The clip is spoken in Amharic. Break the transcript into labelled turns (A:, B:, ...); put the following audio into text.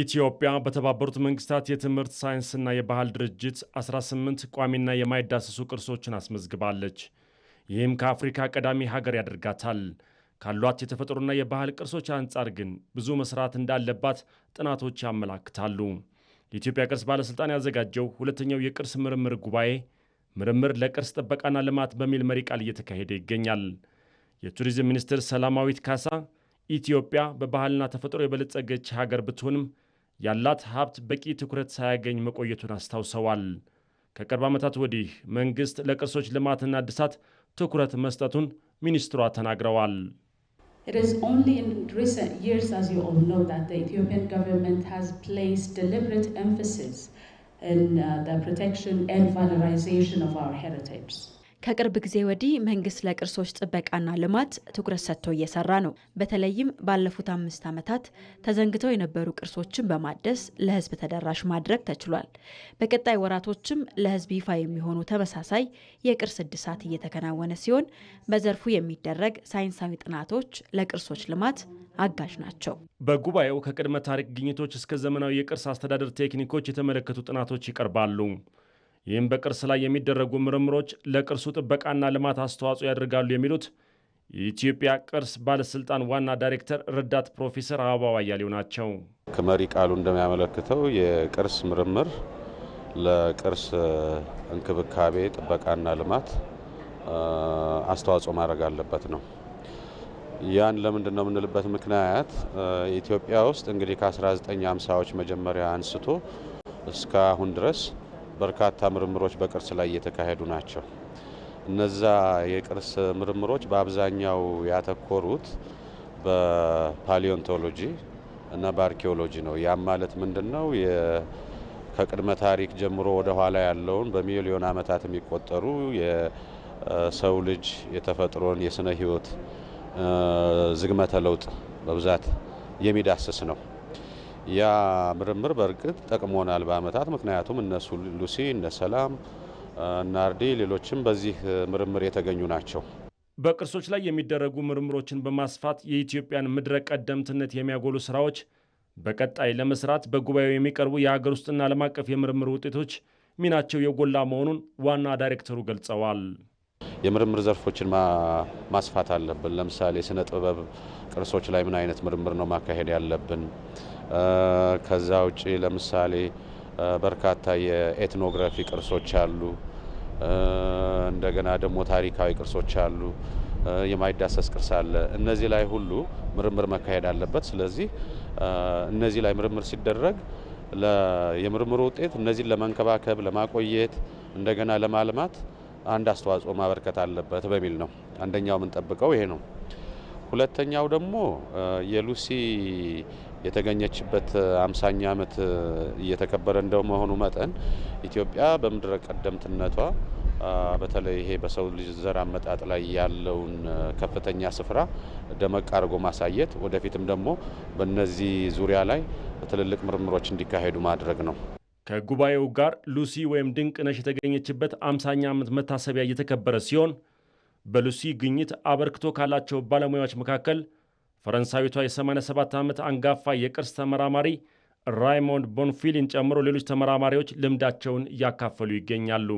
A: ኢትዮጵያ በተባበሩት መንግስታት የትምህርት ሳይንስና የባህል ድርጅት 18 ቋሚና የማይዳሰሱ ቅርሶችን አስመዝግባለች። ይህም ከአፍሪካ ቀዳሚ ሀገር ያደርጋታል። ካሏት የተፈጥሮና የባህል ቅርሶች አንጻር ግን ብዙ መስራት እንዳለባት ጥናቶች ያመላክታሉ። የኢትዮጵያ ቅርስ ባለሥልጣን ያዘጋጀው ሁለተኛው የቅርስ ምርምር ጉባኤ ምርምር ለቅርስ ጥበቃና ልማት በሚል መሪ ቃል እየተካሄደ ይገኛል። የቱሪዝም ሚኒስትር ሰላማዊት ካሳ ኢትዮጵያ በባህልና ተፈጥሮ የበለጸገች ሀገር ብትሆንም ያላት ሀብት በቂ ትኩረት ሳያገኝ መቆየቱን አስታውሰዋል። ከቅርብ ዓመታት ወዲህ መንግሥት ለቅርሶች ልማትና እድሳት ትኩረት መስጠቱን ሚኒስትሯ ተናግረዋል።
B: ኢትዮጵያን
C: ከቅርብ ጊዜ ወዲህ መንግስት ለቅርሶች ጥበቃና ልማት ትኩረት ሰጥቶ እየሰራ ነው። በተለይም ባለፉት አምስት ዓመታት ተዘንግተው የነበሩ ቅርሶችን በማደስ ለህዝብ ተደራሽ ማድረግ ተችሏል። በቀጣይ ወራቶችም ለህዝብ ይፋ የሚሆኑ ተመሳሳይ የቅርስ እድሳት እየተከናወነ ሲሆን በዘርፉ የሚደረግ ሳይንሳዊ ጥናቶች ለቅርሶች ልማት አጋዥ ናቸው።
A: በጉባኤው ከቅድመ ታሪክ ግኝቶች እስከ ዘመናዊ የቅርስ አስተዳደር ቴክኒኮች የተመለከቱ ጥናቶች ይቀርባሉ። ይህም በቅርስ ላይ የሚደረጉ ምርምሮች ለቅርሱ ጥበቃና ልማት አስተዋጽኦ ያደርጋሉ የሚሉት የኢትዮጵያ ቅርስ ባለስልጣን ዋና ዳይሬክተር ረዳት ፕሮፌሰር አበባው አያሌው ናቸው።
D: ከመሪ ቃሉ እንደሚያመለክተው የቅርስ ምርምር ለቅርስ እንክብካቤ ጥበቃና ልማት አስተዋጽኦ ማድረግ አለበት ነው። ያን ለምንድን ነው የምንልበት ምክንያት ኢትዮጵያ ውስጥ እንግዲህ ከ1950ዎች መጀመሪያ አንስቶ እስከ አሁን ድረስ በርካታ ምርምሮች በቅርስ ላይ እየተካሄዱ ናቸው። እነዛ የቅርስ ምርምሮች በአብዛኛው ያተኮሩት በፓሊዮንቶሎጂ እና በአርኪኦሎጂ ነው። ያም ማለት ምንድን ነው? ከቅድመ ታሪክ ጀምሮ ወደ ኋላ ያለውን በሚሊዮን ዓመታት የሚቆጠሩ የሰው ልጅ የተፈጥሮን የስነ ሕይወት ዝግመተ ለውጥ በብዛት የሚዳስስ ነው። ያ ምርምር በእርግጥ ጠቅሞናል በአመታት። ምክንያቱም እነሱ ሉሲ፣ እነ ሰላም፣ እነ አርዲ ሌሎችም በዚህ ምርምር የተገኙ ናቸው።
A: በቅርሶች ላይ የሚደረጉ ምርምሮችን በማስፋት የኢትዮጵያን ምድረ ቀደምትነት የሚያጎሉ ስራዎች በቀጣይ ለመስራት በጉባኤው የሚቀርቡ የሀገር ውስጥና ዓለም አቀፍ የምርምር ውጤቶች ሚናቸው የጎላ መሆኑን ዋና ዳይሬክተሩ ገልጸዋል።
D: የምርምር ዘርፎችን ማስፋት አለብን። ለምሳሌ ስነ ጥበብ ቅርሶች ላይ ምን አይነት ምርምር ነው ማካሄድ ያለብን? ከዛ ውጪ ለምሳሌ በርካታ የኤትኖግራፊ ቅርሶች አሉ። እንደገና ደግሞ ታሪካዊ ቅርሶች አሉ። የማይዳሰስ ቅርስ አለ። እነዚህ ላይ ሁሉ ምርምር መካሄድ አለበት። ስለዚህ እነዚህ ላይ ምርምር ሲደረግ የምርምሩ ውጤት እነዚህን ለመንከባከብ፣ ለማቆየት እንደገና ለማልማት አንድ አስተዋጽኦ ማበርከት አለበት በሚል ነው። አንደኛው የምንጠብቀው ይሄ ነው። ሁለተኛው ደግሞ የሉሲ የተገኘችበት አምሳኛ ዓመት እየተከበረ እንደመሆኑ መጠን ኢትዮጵያ በምድረ ቀደምትነቷ በተለይ ይሄ በሰው ልጅ ዘር አመጣጥ ላይ ያለውን ከፍተኛ ስፍራ ደመቅ አድርጎ ማሳየት ወደፊትም ደግሞ በነዚህ ዙሪያ ላይ ትልልቅ ምርምሮች እንዲካሄዱ ማድረግ ነው።
A: ከጉባኤው ጋር ሉሲ ወይም ድንቅነሽ የተገኘችበት አምሳኛ ዓመት መታሰቢያ እየተከበረ ሲሆን በሉሲ ግኝት አበርክቶ ካላቸው ባለሙያዎች መካከል ፈረንሳዊቷ የ87 ዓመት አንጋፋ የቅርስ ተመራማሪ ራይሞንድ ቦንፊሊን ጨምሮ ሌሎች ተመራማሪዎች ልምዳቸውን እያካፈሉ ይገኛሉ።